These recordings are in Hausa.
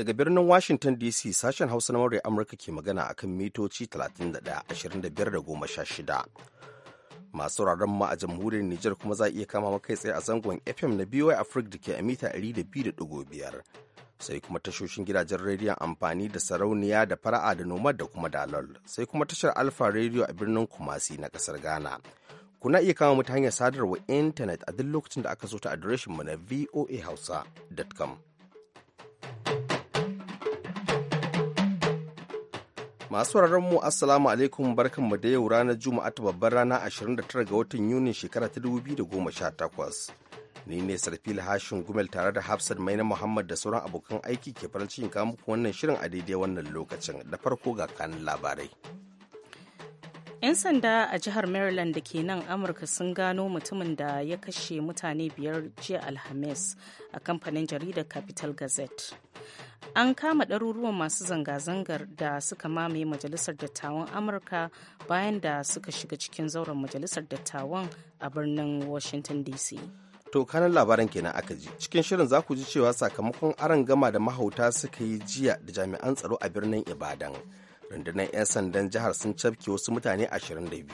Daga birnin Washington DC sashen Hausa na murya Amurka ke magana a kan mitoci 31 16 Masu rarren ma a jamhuriyar Nijar kuma za a iya kama makai tsaye a zangon FM na BY Africa da ke a mita 200.5. Sai kuma tashoshin gidajen rediyon amfani da sarauniya da fara'a da nomad da kuma dalol. Sai kuma tashar Alfa rediyo a birnin Kumasi na kasar Ghana. kuna iya kama mu ta hanyar sadarwa intanet a duk lokacin da aka so ta adireshin mu na voahausa.com. Masu mu Assalamu alaikum barkan mu da yau ranar Juma'a ta babbar rana 29 ga watan Yunin shekara ta 2018. Ni ne Sarfil Hashin Gumel tare da Hafsat Maina Muhammad da sauran abokan aiki ke farin cikin muku wannan shirin a daidai wannan lokacin da farko ga kanun labarai. 'Yan sanda a jihar Maryland da ke nan Amurka sun gano mutumin da ya kashe mutane biyar jiya Alhamis a kamfanin jaridar Capital Gazette. An kama ɗaruruwan masu zanga-zangar da suka mamaye Majalisar Dattawan Amurka bayan da suka shiga cikin zauren Majalisar Dattawan a birnin Washington DC. To kanan labaran kenan aka ji. Cikin shirin za ku ji cewa sakamakon aron gama da mahauta suka yi jiya da jami'an tsaro a birnin Ibadan. rundunar 'yan sandan jihar sun cafke wasu mutane 22.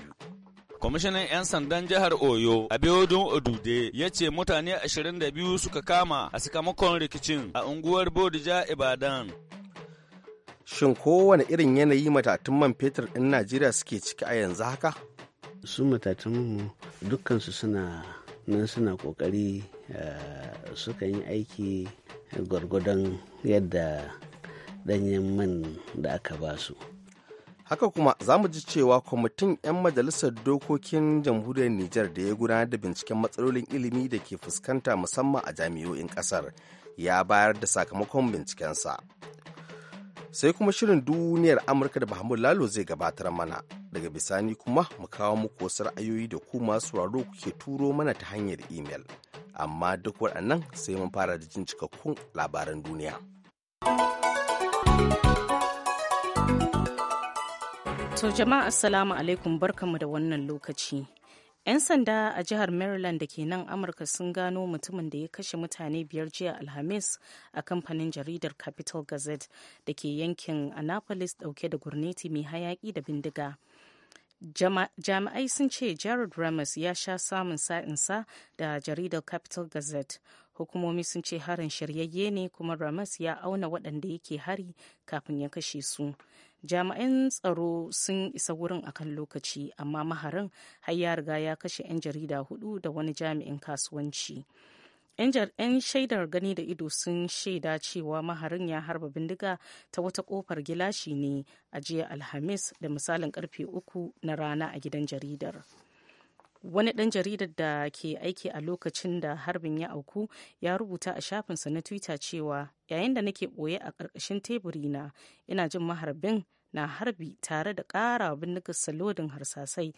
kwamishinan 'yan sandan jihar oyo abiodun odude ya ce mutane 22 suka kama a sakamakon rikicin a unguwar bodija ibadan shin kowane irin yanayi matatun man fetur ɗin najeriya suke ciki a yanzu haka su matatun mu dukkansu suna nan suna kokari eh, suka yi aiki gwargwadon yadda ɗanyen man da aka ba su. Haka kuma za mu ji cewa kwamitin 'yan majalisar dokokin jamhuriyar Nijar da ya gudanar da binciken matsalolin ilimi da ke fuskanta musamman a jami'o'in ƙasar ya bayar da sakamakon bincikensa. Sai kuma shirin duniyar Amurka da Muhammadu Lalo zai gabatar mana daga bisani kuma mu kawo muku wasu ra'ayoyi da kuma sauraro kuke turo mana ta hanyar imel. Amma duk waɗannan sai mun fara da jin cikakkun labaran duniya. To jama'a assalamu alaikum barkanmu da wannan lokaci. 'Yan sanda a jihar Maryland da ke nan Amurka sun gano mutumin da ya kashe mutane biyar jiya Alhamis a kamfanin jaridar Capital Gazette da ke yankin Annapolis dauke da gurneti mai hayaki da bindiga. Jami'ai sun ce Jared Ramos ya sha samun sa'insa da jaridar Capital Gazette. Hukumomi sun ce harin shiryayye ne kuma Ramos ya auna waɗanda yake hari kafin ya kashe su. jami'an tsaro sun isa wurin akan lokaci amma maharin har ya riga ya kashe 'yan jarida hudu da wani jami'in kasuwanci 'yan shaidar gani da ido sun shaida cewa maharin ya harba bindiga ta wata kofar gilashi ne a jiya alhamis da misalin karfe uku na rana a gidan jaridar wani ɗan jaridar da ke aiki a lokacin da harbin ya auku ya rubuta a shafinsa na twitter cewa yayin da nake ɓoye a ƙarƙashin na ina jin maharbin na harbi tare da ƙara bindigar salodin harsasai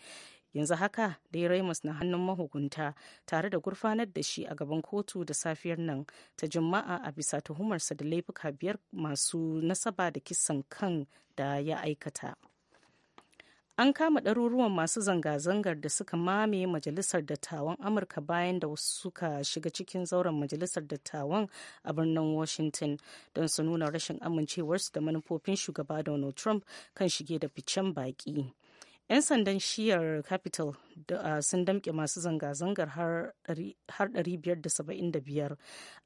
yanzu haka dai raimus na hannun mahukunta tare da gurfanar da shi a gaban kotu da safiyar nan ta juma'a a bisa tuhumarsa da laifuka biyar masu nasaba da kisan kan da ya aikata an kama ɗaruruwan masu zanga-zangar da suka mame majalisar dattawan amurka bayan da suka shiga cikin zauren majalisar dattawan a birnin washington don su nuna rashin amincewarsu da manufofin shugaba donald trump kan shige da ficen baƙi. 'yan sandan shiyar capital sun damke masu zanga-zangar har 575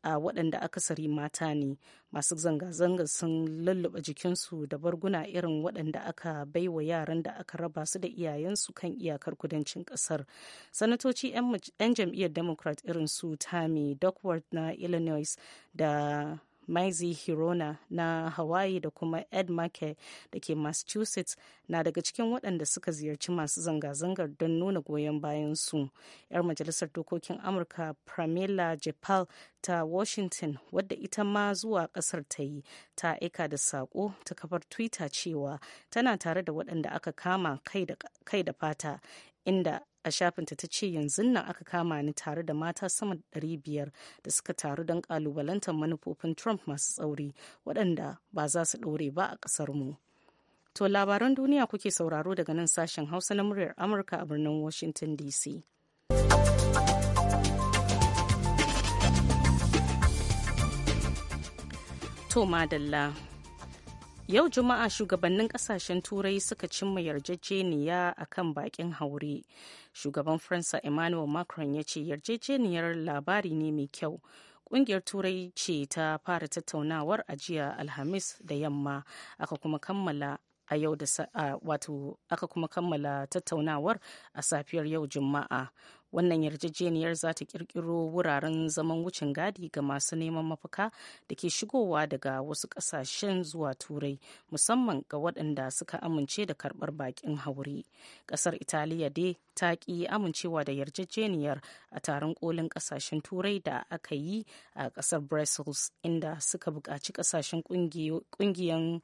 a waɗanda aka sari mata ne masu zanga-zangar sun lulluɓa jikinsu da barguna irin waɗanda aka baiwa yaran da aka raba su da iyayensu kan iyakar kudancin ƙasar sanatoci 'yan jam'iyyar democrat irin su tammy duckworth na illinois da Maizi Hirona na Hawaii da kuma Ed da ke Massachusetts na daga cikin waɗanda suka ziyarci masu zanga-zangar don nuna goyon bayan su. 'Yar majalisar dokokin Amurka Pramila Jepal ta Washington wadda ita ma zuwa ƙasar ta yi ta aika da saƙo ta kafar Twitter cewa tana tare da waɗanda aka kama kai da fata inda a shafinta ta ce yanzu nan aka kama ni tare da mata sama da biyar da suka taru don kalubalantar manufofin trump masu tsauri waɗanda ba za su ɗore ba a ƙasar mu to labaran duniya kuke sauraro daga nan sashen hausa na muryar amurka a birnin washington dc to madalla Yau Juma'a shugabannin kasashen Turai suka cimma yarjejeniya a kan bakin haure. Shugaban Faransa Emmanuel Macron ya ce yarjejeniyar labari ne mai kyau. Kungiyar Turai ce ta fara tattaunawar ajiya Alhamis da yamma aka kuma kammala a yau da wato aka kuma kammala tattaunawar a safiyar yau Juma'a. wannan yarjejeniyar za ta kirkiro wuraren zaman wucin gadi ga masu neman mafaka da ke shigowa daga wasu kasashen zuwa turai musamman ga waɗanda suka amince da karɓar baƙin haure ƙasar italiya dai ta ƙi amincewa da yarjejeniyar a taron kolin ƙasashen turai da aka yi a ƙasar brussels inda suka buƙaci ƙasashen ƙungiyan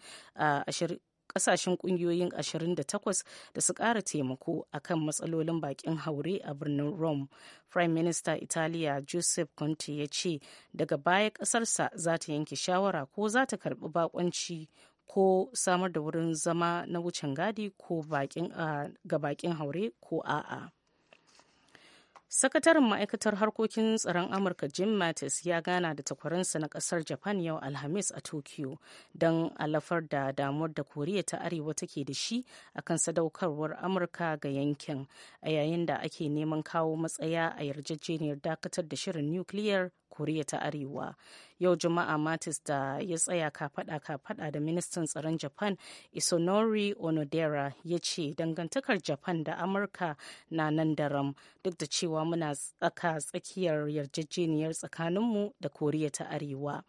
kasashen kungiyoyin 28 da su kara taimako akan matsalolin bakin haure a birnin rome prime minister italia joseph conte ya ce daga baya kasarsa za ta yanke shawara ko za ta karbi bakonci ko samar da wurin zama na wucin gadi ko ah, ga bakin haure ko a'a. sakataren ma'aikatar harkokin tsaron amurka jim mattis ya gana da takwaransa na kasar japan yau alhamis a tokyo don alafar da damuwar da koriya ta arewa take da shi a kan sadaukarwar amurka ga yankin a yayin da ake neman kawo matsaya a yarjejeniyar dakatar da shirin nukiliyar koriya ta arewa yau juma'a matis da ya tsaya kafada kafada da ministan tsaron japan isonori onodera ya ce dangantakar japan da amurka na nan daram duk da cewa muna tsaka tsakiyar yarjejeniyar tsakaninmu da koriya ta arewa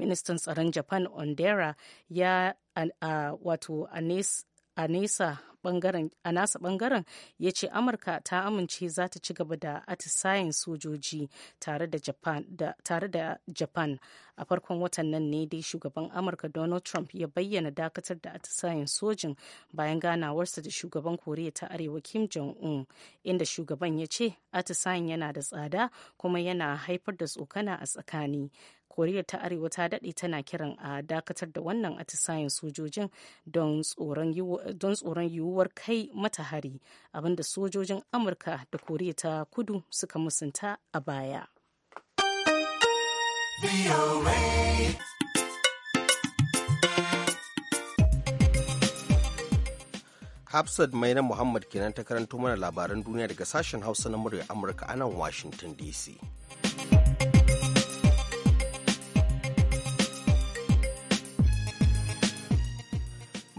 ministan tsaron japan ondera ya a nesa a nasa bangaren ya ce amurka ta amince za ta ci gaba da atisayen sojoji tare da japan a farkon watan nan ne dai shugaban amurka donald trump ya bayyana dakatar da atisayen sojin bayan ganawarsa da shugaban koriya ta arewa kim jong-un inda shugaban ya ce atisayen yana da tsada kuma yana haifar da tsokana a tsakani koriya ta arewa ta daɗe tana kiran a dakatar da wannan atisayen sojojin don tsoron yiwuwar kai mata hari abinda sojojin amurka da koriya ta kudu suka musanta a baya Hafsat Maina Muhammad kenan ta karanto mana labaran duniya daga sashen Hausa na murya Amurka a nan Washington DC.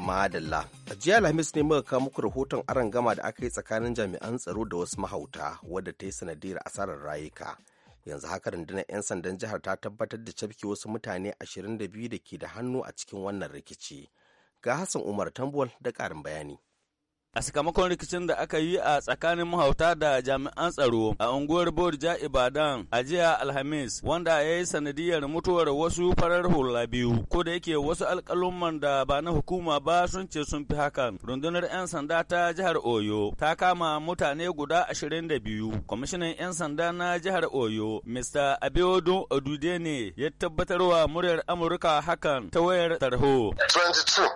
Madalla. A jiya Alhamis ne muka kawo muku rahoton aron gama da aka yi tsakanin jami'an tsaro da wasu mahauta wadda ta yi sanadiyar asarar rayuka. yanzu haka rundunar 'yan sandan jihar ta tabbatar da cafke wasu mutane 22 da ke da hannu a cikin wannan rikici ga hassan umar tambuwal da ƙarin bayani A sakamakon rikicin da aka yi a tsakanin mahauta da jami'an tsaro a unguwar Borja Ibadan a jiya Alhamis wanda ya yi sanadiyar mutuwar wasu farar hula biyu ko da yake wasu alƙalumman da ba na hukuma ba sun ce sun fi hakan. Rundunar 'yan sanda ta jihar Oyo ta kama mutane guda ashirin da biyu. Kwamishinan 'yan sanda na jihar Oyo Mr. Abiodun Odude ne ya tabbatarwa muryar Amurka hakan ta wayar tarho.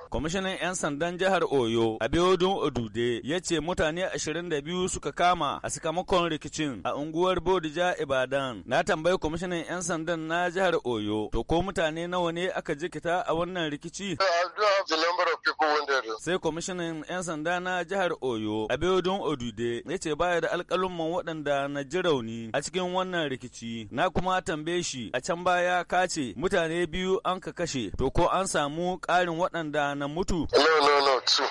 Kwamishinan 'yan sandan jihar Oyo Abiodun Odude Dude ya ce mutane 22 suka kama a sakamakon rikicin a unguwar Bodija Ibadan. Na tambayi kwamishinan 'yan sandan na jihar Oyo, to ko mutane nawa ne aka jikita a wannan rikici? Eh, Sai kwamishinan 'yan sanda na jihar Oyo, Abiodun Odude, ya ce baya da alƙalumman waɗanda na ji rauni a cikin wannan rikici. Na kuma tambaye shi a can baya ka ce mutane biyu an ka kashe, to ko an samu ƙarin waɗanda na mutu?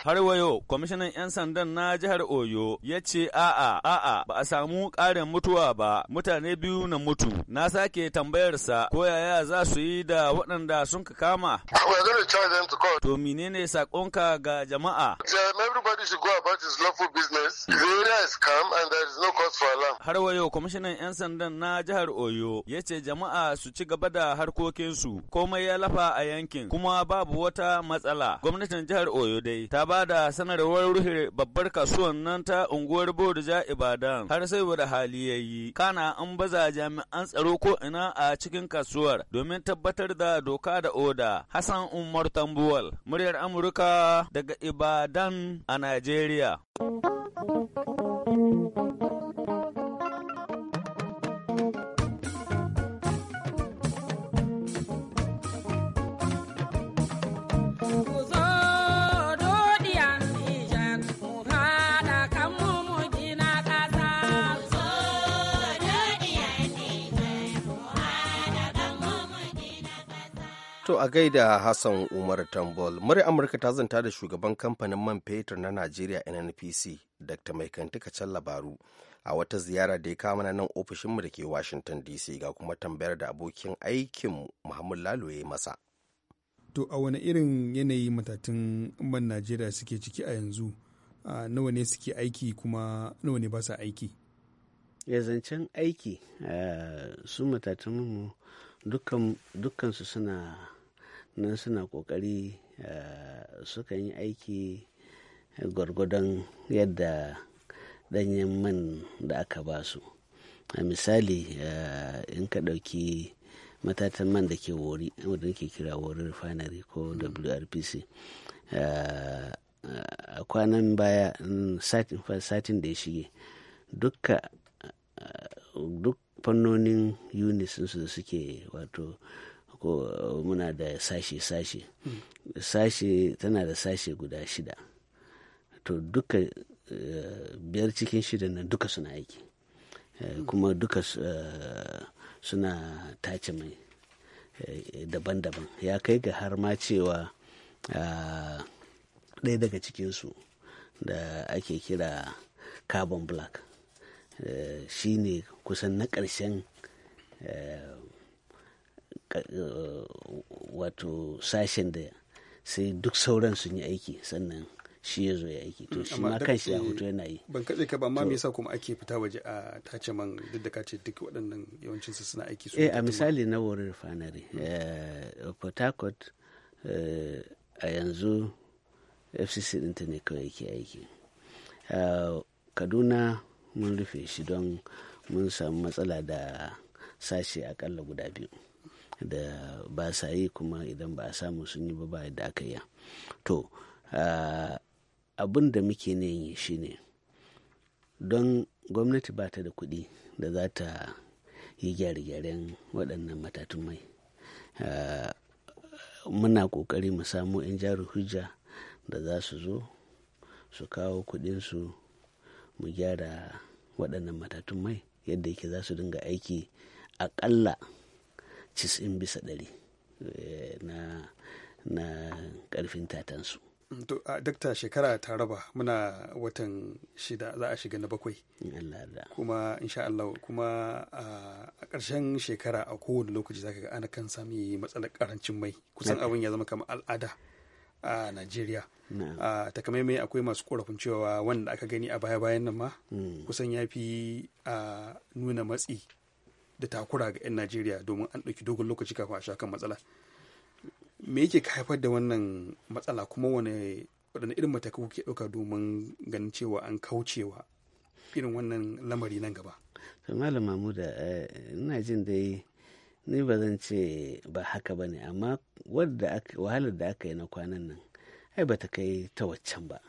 Har wayo, kwamishinan 'yan 'yan sandan na jihar Oyo ya ce a'a a'a ba a samu ƙarin mutuwa ba mutane biyu na mutu. Na sake tambayarsa ko yaya za su yi da waɗanda sun ka kama. To menene sakonka ga jama'a? Everybody should go about his lawful business. Mm. Har wayo kwamishinan 'yan sandan na jihar Oyo ya ce jama'a su ci gaba da harkokinsu komai ya lafa a yankin kuma babu wata matsala. Gwamnatin jihar Oyo dai ta ba da sanarwar ruhi babbar kasuwan nan ta unguwar Bodija Ibadan har sai wada hali ya yi. Kana an baza jami'an tsaro ko ina a cikin kasuwar domin tabbatar da doka da oda. Hassan Umar Tambuwal, muryar Amurka daga Ibadan a Najeriya. To a gaida Hassan Umar Tambol, murya Amurka ta zanta da shugaban kamfanin man fetur na Najeriya NNPC, Dr. Mai Kantikacen Labaru, a wata ziyara da ya kama na nan ofishinmu da ke Washington DC ga kuma tambayar da abokin aikin Muhammad Lalo ya yi masa. To a wani irin yanayi matatun man Najeriya suke ciki a yanzu, nawa ne suke aiki kuma nawa ne ba aiki? Yazancen eh, aiki eh, su matatun mu dukkan su suna nan suna kokari eh, sukan yi aiki gwargwadon yadda danyen man da aka ba su a misali eh, in ka ɗauki matatan man da ke wori wadda ke kira wori refinery ko wrpc eh, a kwanan baya satin da ya shige dukka duk fannonin unis su da suke wato ko eh, muna da sashe-sashe sashe tana da sashe guda shida to duka eh, biyar cikin shida na duka suna aiki eh, kuma duka suna tace mai daban-daban ya kai ga har ma cewa ɗaya daga cikinsu da ake kira carbon black shi ne kusan na ƙarshen Eh, wato sashen da sai duk sauran sun yi aiki sannan shi ya zo ya aiki to shi ma kan shi a hoto eh, yana yi ban kaɗe ka ba amma me yasa kuma ake fita waje a tace man duk da kace duk waɗannan yawancin su suna aiki su eh a misali na wurin refinery eh, Port Harcourt a yanzu FCC ɗinta ne kawai yake aiki Kaduna mun rufe shi don mun samu matsala da sashe akalla guda biyu da ba sa yi kuma idan ba a samu sun yi ba ba yadda aka yi to abin da muke ne yi shine don gwamnati ba ta da kuɗi da za ta yi gyare-gyaren waɗannan matatun mai muna ƙoƙari mu samu 'yan jihar hujja da za su zo su kawo kuɗinsu mu gyara waɗannan matatun mai yadda yake za su dinga aiki aƙalla 90 bisa ɗari eh, na na ƙarfin tatansu. Dokta shekara ta raba muna watan shida za a shiga na bakwai. Kuma insha Allah kuma a ƙarshen shekara a kowane lokaci zaka ga ana kan sami matsalar ƙarancin mai kusan abin ya zama kamar al'ada a Najeriya. a takamaimai akwai masu korafin cewa wanda aka gani a baya-bayan nan ma hmm. kusan ya fi nuna matsi da takura ga 'yan najeriya domin an ɗauki dogon lokaci kafin a sha kan matsala me yake haifar da wannan matsala kuma wane waɗanne irin matakai kuke ɗauka domin ganin cewa an kaucewa irin wannan lamari nan gaba to malam da eh, ina jin dai ni ba zan ce ba haka ba ne amma wahalar da aka yi na kwanan nan ai ba ta kai ta waccan ba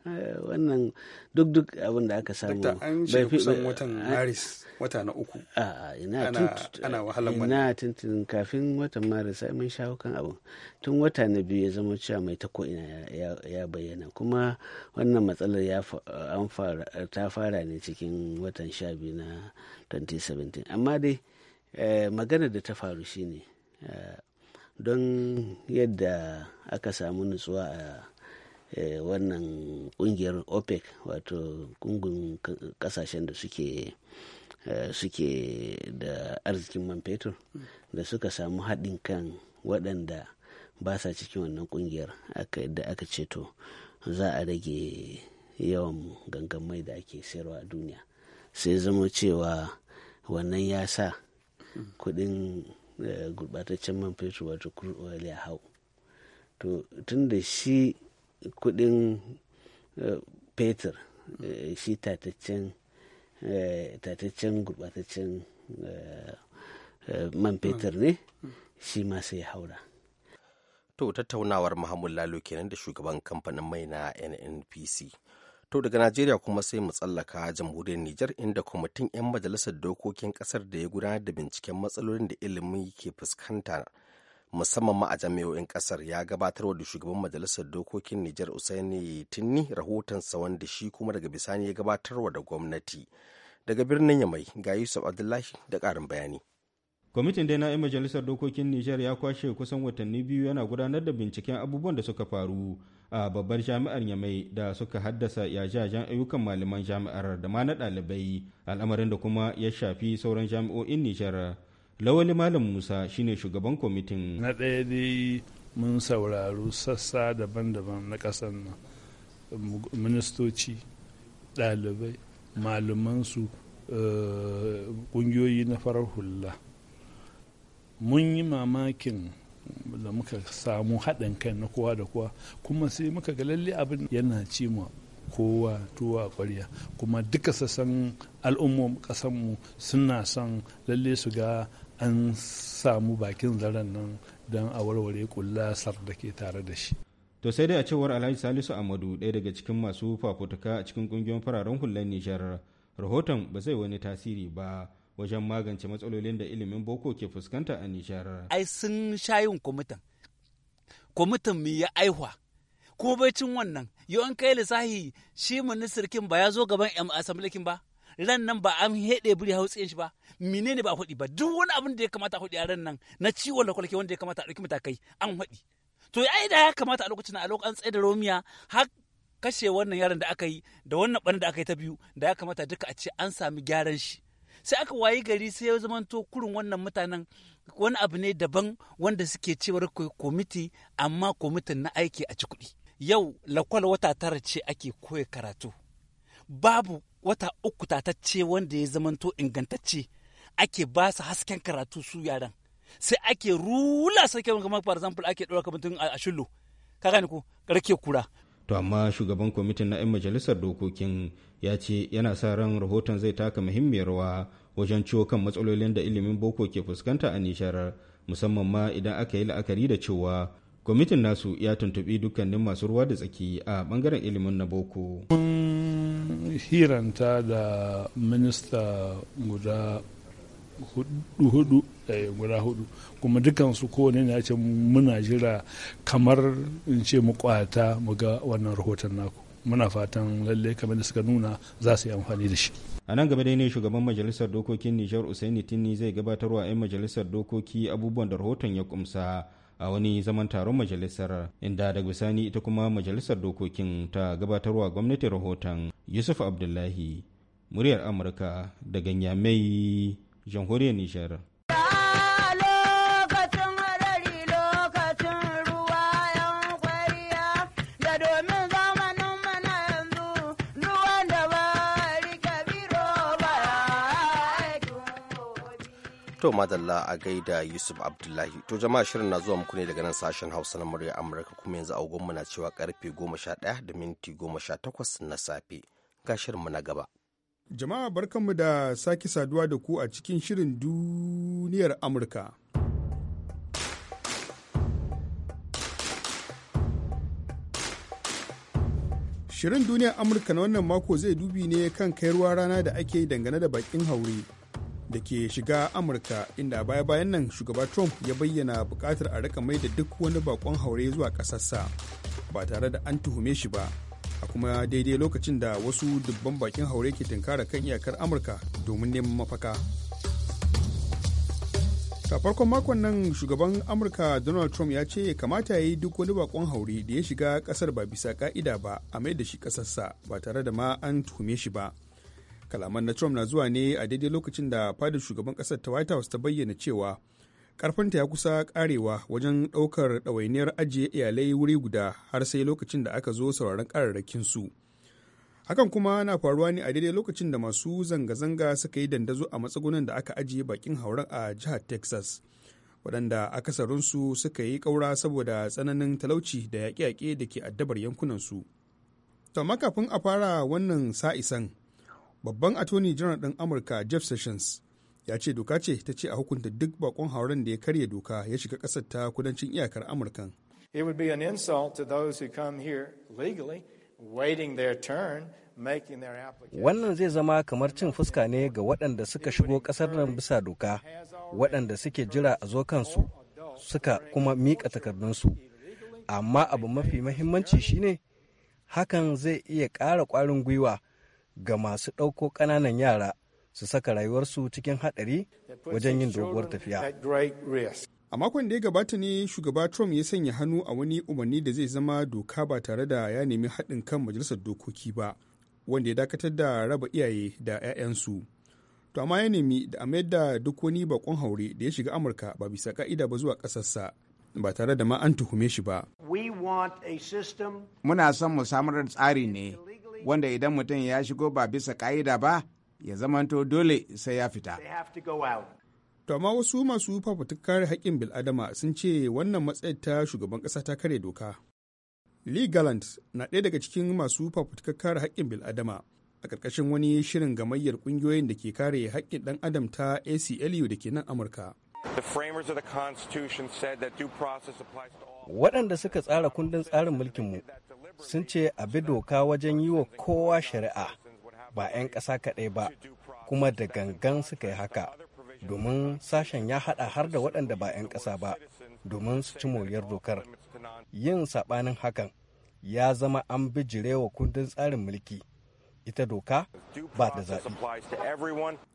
Eh, wannan duk duk abin da aka samu an ce kusan watan maris wata na uku ana wahalar mana ina tuntun kafin watan maris sai mun shawo kan abu. tun wata na biyu ya zama cewa mai ta ko'ina ya bayyana kuma wannan matsalar ta fara ne cikin watan sha biyu na 2017 amma dai eh, magana da ta faru shine eh, don yadda aka samu nutsuwa a Eh, wannan kungiyar opec wato kungun kasashen da suke eh, suke da arzikin man fetur da suka samu haɗin kan waɗanda ba sa cikin wannan kungiyar da aka ceto za a rage yawan gangan mai da ake sayarwa a duniya sai zama cewa wannan ya sa kudin eh, gurbataccen man fetur wato crude oil ya hau to tun da shi kudin eh, fetur eh, shi tataccen eh, gurbataccen man fetur ne shi ma sai haura to tattaunawar muhammad lalo kenan da shugaban kamfanin mai na nnpc to daga najeriya kuma sai mu tsallaka jamhuriyar nijar inda kwamitin 'yan majalisar dokokin kasar da ya gudanar da binciken matsalolin da ilimi ke fuskanta musamman ma a jami'o'in kasar ya gabatar da shugaban majalisar dokokin Nijar Usaini Tinni rahotonsa wanda shi kuma daga bisani ya wa da gwamnati. Daga birnin Yamai ga Yusuf Abdullahi da karin bayani. kwamitin dai na 'yan majalisar dokokin nijar ya kwashe kusan watanni biyu yana gudanar da binciken abubuwan da suka faru a babbar jami'ar yamai da suka haddasa yajajen ayyukan malaman jami'ar da ma na ɗalibai al'amarin da kuma ya shafi sauran jami'o'in nijar Lawali Malam Musa shine shugaban kwamitin. Na ɗaya dai mun saurari sassa daban-daban na ƙasar nan. Ministoci, ɗalibai, malamansu, eh, ƙungiyoyi na farar hula. Mun yi mamakin da muka samu haɗin kai na kowa da kowa kuma sai muka ga lalle abin yana ci ma kowa tuwa kwarya kuma duka sassan al'ummar kasanmu suna son lalle su ga an samu bakin zaren nan don a warware kullasar da ke tare da shi to sai dai a cewar alhaji salisu amadu ɗaya daga cikin masu fafutuka a cikin ƙungiyoyin fararen hular nijar rahoton ba zai wani tasiri ba wajen magance matsalolin da ilimin boko ke fuskanta a nijar ai sun shayin kwamitin kwamitin mai ya aihwa kuma cin wannan yawan kai lissahi shi ministirkin ba ya zo gaban yan asamblikin ba ran nan ba an heɗe buri hautsi shi ba menene ba a faɗi ba duk wani abin da ya kamata a faɗi a ran nan na ciwon lakwalake wanda ya kamata a ɗauki matakai an faɗi to ya da ya kamata a lokacin a lokacin tsaye da romiya har kashe wannan yaron da aka yi da wannan ɓarin da aka yi ta biyu da ya kamata duka a ce an sami gyaran shi sai aka wayi gari sai ya zamanto kurin wannan mutanen wani abu ne daban wanda suke cewar komiti amma komitin na aiki a ci kuɗi yau lakwal wata tara ce ake koya karatu babu wata uku tatacce wanda ya zamanto ingantacce ake ba su hasken karatu su yaran sai ake rula sarki kamar for example ake ɗora kamar a shullo ka gane ko rake kura to amma shugaban kwamitin na 'yan majalisar dokokin ya ce yana sa ran rahoton zai taka muhimmiyar rawa wajen ciwo kan matsalolin da ilimin boko ke fuskanta a nishar musamman ma idan aka yi la'akari da cewa kwamitin nasu ya tuntubi dukkanin masu ruwa da tsaki a bangaren ilimin na boko mun hiranta da minista guda hudu eh, guda hudu kuma dukansu kowane ya ce muna jira kamar in ce mu mu ga wannan rahoton naku muna fatan lalle kamar da suka nuna za su yi amfani da shi a nan gaba dai ne shugaban majalisar dokokin nijar usaini tini zai gabatarwa 'yan majalisar dokoki abubuwan da rahoton ya kumsa a wani zaman taron majalisar inda da bisani ita kuma majalisar dokokin ta gabatarwa gwamnati rahoton yusuf abdullahi muryar amurka daga nyamai jamhuriyar nijar To madalla a gaida Yusuf Abdullahi. To jama'a shirin na zuwa muku ne daga nan sashen Hausa na murya Amurka kuma yanzu agogonmu na cewa karfe 11 da minti 18 na safe. Ga mu na gaba. Jama'a barkanmu da sake saduwa da ku a cikin shirin duniyar Amurka. Shirin duniyar Amurka na wannan mako zai dubi ne kan kai rana da ake dangane da bakin haure. da ke shiga amurka inda baya bayan nan shugaba trump ya bayyana bukatar a rika mai da duk wani bakon haure zuwa kasarsa ba tare da an tuhume shi ba a kuma daidai lokacin da wasu dubban bakin haure ke tunkara kan iyakar amurka domin neman mafaka ta farkon makon nan shugaban amurka donald trump ya ce kamata ya yi duk wani bakon haure da ya shiga kasar ba bisa ka'ida ba a mai da shi kasarsa ba tare da ma an tuhume shi ba kalaman na trump na zuwa ne a daidai lokacin da fadar shugaban kasar ta white house ta bayyana cewa karfinta ya kusa karewa wajen daukar ɗawainiyar ajiye iyalai wuri guda har sai lokacin da aka zo sauraron kararrakin su hakan kuma na faruwa ne a daidai lokacin da masu zanga-zanga suka yi dandazo a matsugunan da aka ajiye bakin hauren a jihar texas waɗanda akasarinsu suka yi ƙaura saboda tsananin talauci da yaƙe-yaƙe da ke addabar yankunansu. To kafin a fara wannan sa'isan babban attorney general ɗin amurka jeff sessions ya ce doka ce ta ce a hukunta duk bakon hauren da ya karya doka ya shiga ƙasar ta kudancin iyakar amurkan it would be an insult to those who come here legally waiting their turn Wannan zai zama kamar cin fuska ne ga waɗanda suka shigo ƙasar nan bisa doka, waɗanda suke jira a zo kansu, suka kuma miƙa takardunsu. Amma abu mafi mahimmanci shine hakan zai iya ƙara ƙwarin gwiwa ga masu ɗauko ƙananan yara su saka rayuwarsu cikin haɗari wajen yin doguwar tafiya. A makon da ya gabata ne shugaba Trump ya sanya hannu a wani umarni da zai zama doka ba tare da ya nemi haɗin kan majalisar dokoki ba, wanda ya dakatar da raba iyaye da 'ya'yansu. To amma ya nemi da a mayar da duk wani bakon haure da ya shiga Amurka ba bisa ka'ida ba zuwa ƙasarsa ba tare da ma an tuhume shi ba. Muna son mu samar da tsari ne wanda idan mutum ya shigo ba bisa ka'ida ba ya zamanto dole sai ya fita. To amma wasu masu fafutukar haƙƙin bil'adama sun ce wannan matsayar ta shugaban ƙasa ta kare doka. Lee Gallant na ɗaya daga cikin masu fafutukar kare haƙƙin bil'adama a ƙarƙashin wani shirin gamayyar ƙungiyoyin da ke kare haƙƙin ɗan adam ta ACLU da ke nan Amurka. Waɗanda suka tsara kundin tsarin mulkinmu sun ce a bi doka wajen yi wa kowa shari'a ba 'yan ƙasa kaɗai ba kuma da gangan suka yi haka domin sashen ya haɗa har da waɗanda ba 'yan ƙasa ba domin su ci moriyar dokar yin saɓanin hakan ya zama an bijire wa kundin tsarin mulki ita doka ba da zaɓi.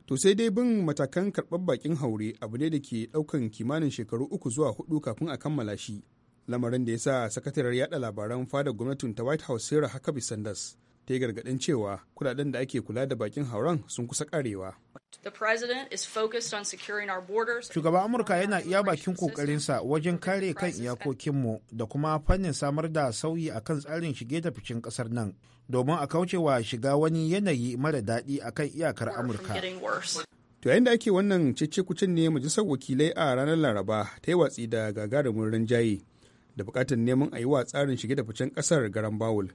To sai dai bin matakan karɓar bakin haure abu ne da ke ɗaukan kimanin shekaru uku zuwa hudu kafin a kammala shi. lamarin da ya sa sakatariyar yada labaran fada gwamnatin ta white house sarah huckabee sanders ta yi gargaɗin cewa kudaden da ake kula da bakin hauran sun kusa karewa. Shugaban Amurka yana iya bakin kokarinsa wajen kare kan iyakokinmu da kuma fannin samar da sauyi a kan tsarin shige da ficin kasar nan domin a kaucewa shiga wani yanayi mara daɗi a kan iyakar Amurka. To yayin da ake wannan cece kucin ne majalisar wakilai a ranar Laraba ta yi watsi da gagarumin rinjaye. da bukatar neman a yi wa tsarin shige da ficen kasar garan bawul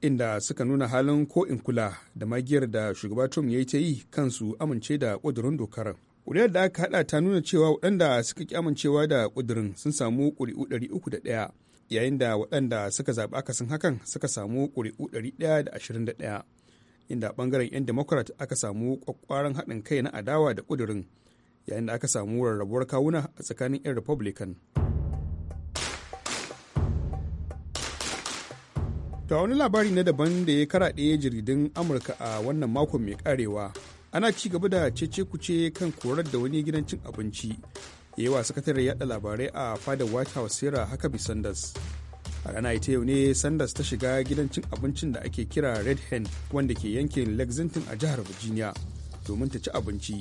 inda suka nuna halin ko in kula da magiyar da shugaba trump ya yi ta yi kansu amince da kudurin dokar ƙuri'ar da aka hada ta nuna cewa waɗanda suka ki amincewa da kudurin sun samu kuri'u ɗari uku da ɗaya yayin da waɗanda suka zaɓi akasin hakan suka samu kuri'u ɗari ɗaya da ashirin da ɗaya inda bangaren 'yan democrat aka samu kwakwaran haɗin kai na adawa da kudurin yayin da aka samu rarrabuwar kawuna a tsakanin 'yan republican ga wani labari na daban da ya karaɗe jaridun amurka a wannan makon mai karewa ana ci gaba da cece kuce kan korar da wani gidan cin abinci yawa sakatare yada labarai a fadar white house sarah huckabee sanders a rana ita yau ne sanders ta shiga gidan cin abincin da ake kira red hen wanda ke yankin lexington a jihar virginia domin ta ci abinci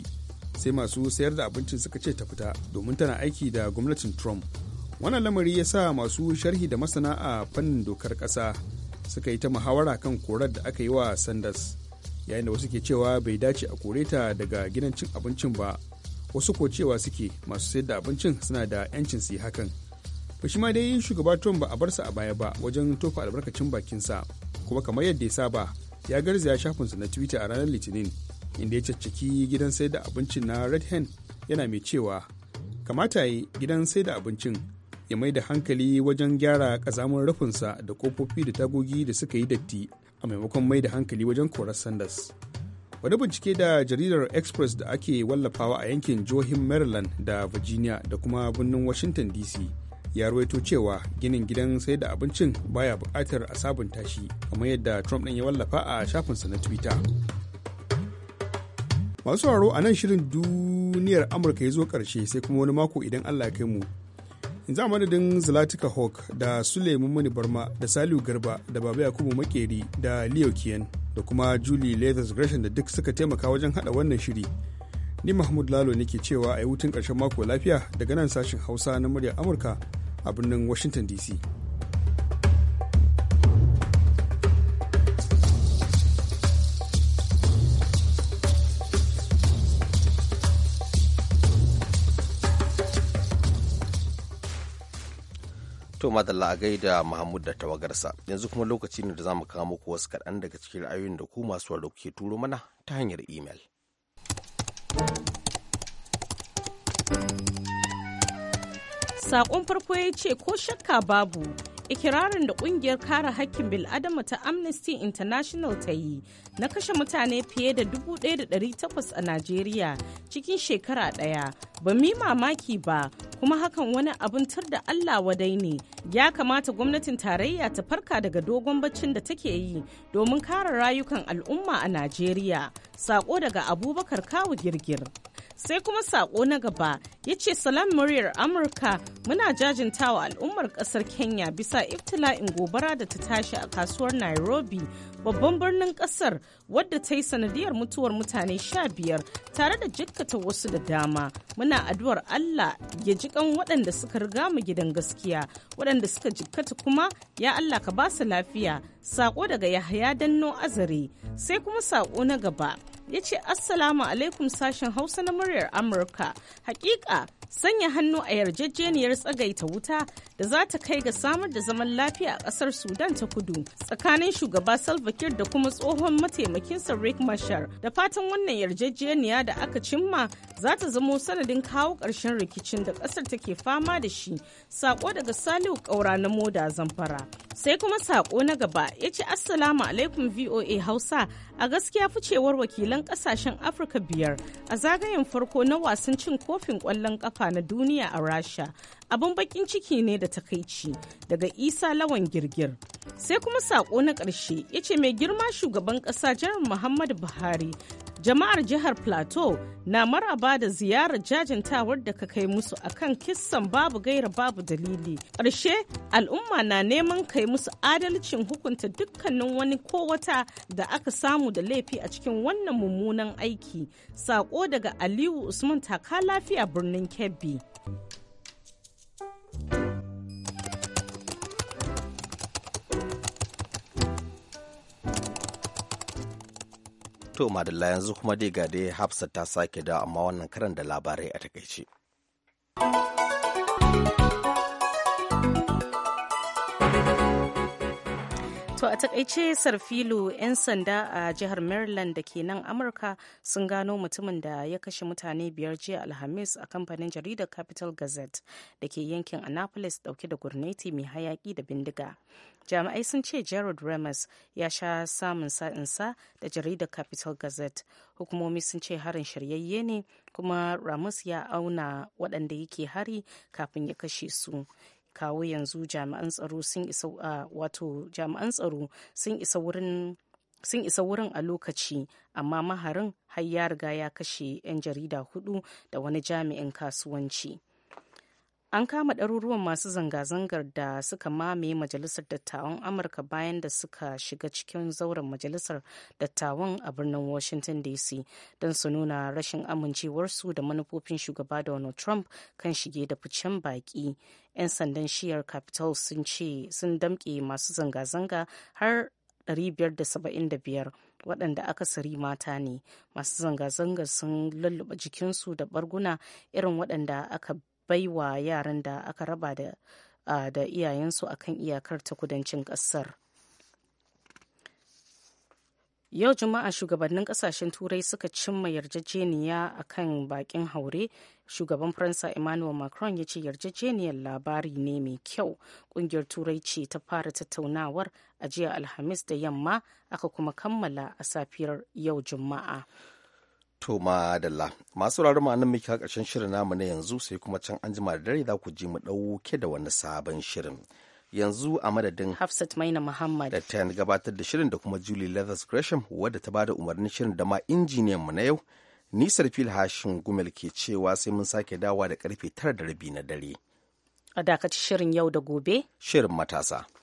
sai masu sayar da abincin suka ce ta fita domin tana aiki da gwamnatin trump wannan lamari ya sa masu sharhi da masana a fannin dokar ƙasa suka yi ta muhawara kan korar da aka yi wa sanders yayin da wasu ke cewa bai dace a kore ta daga gidan cin abincin ba wasu ko cewa suke masu sayar da abincin suna da 'yancin su yi hakan shi ma dai shugaba trump ba a bar sa a baya ba wajen tofa albarkacin bakinsa kuma kamar yadda ya saba ya garzaya shafinsa na twitter a ranar litinin inda ya cacciki gidan sayar da abincin na red hen yana mai cewa kamata yi gidan sayar da abincin ya mai da hankali wajen gyara kazamun rufinsa da kofofi da tagogi da suka yi datti a maimakon mai da hankali wajen korar sanders wani bincike da jaridar express da ake wallafawa a yankin johin maryland da virginia da kuma birnin washington dc ya ruwaito cewa ginin gidan sai da abincin baya bukatar a sabunta shi kamar yadda trump ɗin ya wallafa a shafinsa na twitter masu sauraro a nan shirin duniyar amurka ya zo ƙarshe sai kuma wani mako idan allah ya kai mu za madadin zlatika hawk da suleiman mani barma da saliu garba da baba yakubu makeri da leo kiyan da kuma julie leathers gresham da duk suka taimaka wajen hada wannan shiri ni mahmud lalo nake cewa a yi hutun ƙarshen mako lafiya daga nan sashen hausa na muryar amurka a birnin washington dc To madalla a gaida Mahmud da tawagarsa yanzu kuma lokaci ne da za mu kawo muku wasu kaɗan daga cikin ra'ayoyin da ku masu waro ke turo mana ta hanyar imel. Saƙon farko ya ce ko shakka babu ikirarin da kungiyar kare hakkin bil'adama ta amnesty international ta yi na kashe mutane fiye da 1,800 a najeriya cikin shekara ɗaya ba mi mamaki ba kuma hakan wani abin tur da allah wadai ne ya kamata gwamnatin tarayya ta farka daga dogon baccin da take yi domin kare rayukan al'umma a najeriya Sako daga Abubakar Kawu Girgir. Sai kuma sako na gaba ya ce salam muryar Amurka muna jajintawa al'ummar kasar Kenya bisa iftila'in gobara da ta tashi a kasuwar Nairobi babban birnin kasar wadda ta yi sanadiyar mutuwar mutane sha biyar tare da jikkata wasu da dama muna addu'ar allah ya jikan waɗanda suka riga mu gidan gaskiya waɗanda suka jikkata kuma ya allah ka ba su lafiya sako daga yahaya danno azare sai kuma sako na gaba ya ce Assalamu alaikum sashen Hausa na muryar Amurka. Hakika sanya hannu a yarjejeniyar tsagaita wuta da za ta kai ga samar da zaman lafiya a ƙasar Sudan ta kudu tsakanin shugaba Salva da kuma tsohon mataimakinsa rick Machar. Da fatan wannan yarjejeniya da aka cimma za ta zamo sanadin kawo ƙarshen rikicin da ƙasar take fama da shi. Sako daga Salihu Ƙaura na Moda Zamfara. Sai kuma sako na gaba ya ce Assalamu alaikum VOA Hausa a gaskiya ficewar wakilan ƙasashen Afirka biyar a zagayen farko na wasan cin kofin ƙwallon ƙafa na duniya a Rasha abin bakin ciki ne da takaici daga isa lawan girgir sai kuma sako na karshe ya ce mai girma shugaban kasa jihar muhammadu buhari jama'ar jihar plateau na maraba da ziyarar jajintawar da ka kai musu akan kisan babu gaira babu dalili ƙarshe al'umma na neman kai musu adalcin hukunta dukkanin wani ko wata da aka samu da laifi a cikin wannan mummunan aiki sako daga aliyu usman taka lafiya birnin kebbi to madalla yanzu kuma dai ga dai hafsa ta sake da amma wannan karan da labarai a takaice. a takaice sarfilu 'yan sanda a jihar Maryland da ke nan Amurka sun gano mutumin da ya kashe mutane biyar jiya Alhamis a kamfanin jaridar Capital Gazette da ke yankin Annapolis dauke da gurneti mai hayaki da bindiga. Jami'ai sun ce gerald ramos ya sha samun sa'insa da jaridar Capital Gazette. Hukumomi sun ce harin shiryayye ne kuma Ramus ya auna waɗanda yake hari kafin ya kashe su. kawo yanzu jami'an tsaro sun isa wato jami'an tsaro sun isa wurin sun isa wurin a lokaci amma maharin har ya riga ya kashe 'yan jarida hudu da wani jami'in kasuwanci. an kama ɗaruruwan masu zanga-zangar da suka mamaye majalisar dattawan amurka bayan da suka shiga cikin zauren majalisar dattawan a birnin washington dc don su nuna rashin amincewarsu da manufofin shugaba donald trump kan shige da ficen baki 'yan sandan shiyar capitol sun ce sun damƙe masu zanga-zanga har 575 waɗanda aka sari mata ne masu zanga-zanga sun lulluɓa jikinsu da barguna irin waɗanda aka baiwa yaran da aka raba da da iyayensu akan iyakar ta kudancin ƙasar. Yau Juma'a shugabannin kasashen Turai suka cimma yarjejeniya a kan bakin haure. Shugaban Faransa Emmanuel Macron ya ce yarjejeniyar labari ne mai kyau. Kungiyar Turai ce ta fara tattaunawar a jiya Alhamis da yamma aka kuma kammala a safiyar yau Juma'a. To madalla masu rarrun ma'anin muke ƙarshen shirin namu na yanzu sai kuma can an jima da dare za ku ji mu ɗauke da wani sabon shirin. Yanzu a madadin Hafsat Maina Muhammad da ta gabatar da shirin da kuma Julie Leathers Gresham wadda ta bada umarnin shirin da ma injiniyan mu na yau. Nisar fil hashin gumel ke cewa sai mun sake dawa da karfe tara da rabi na dare. A dakaci shirin yau da gobe? Shirin matasa.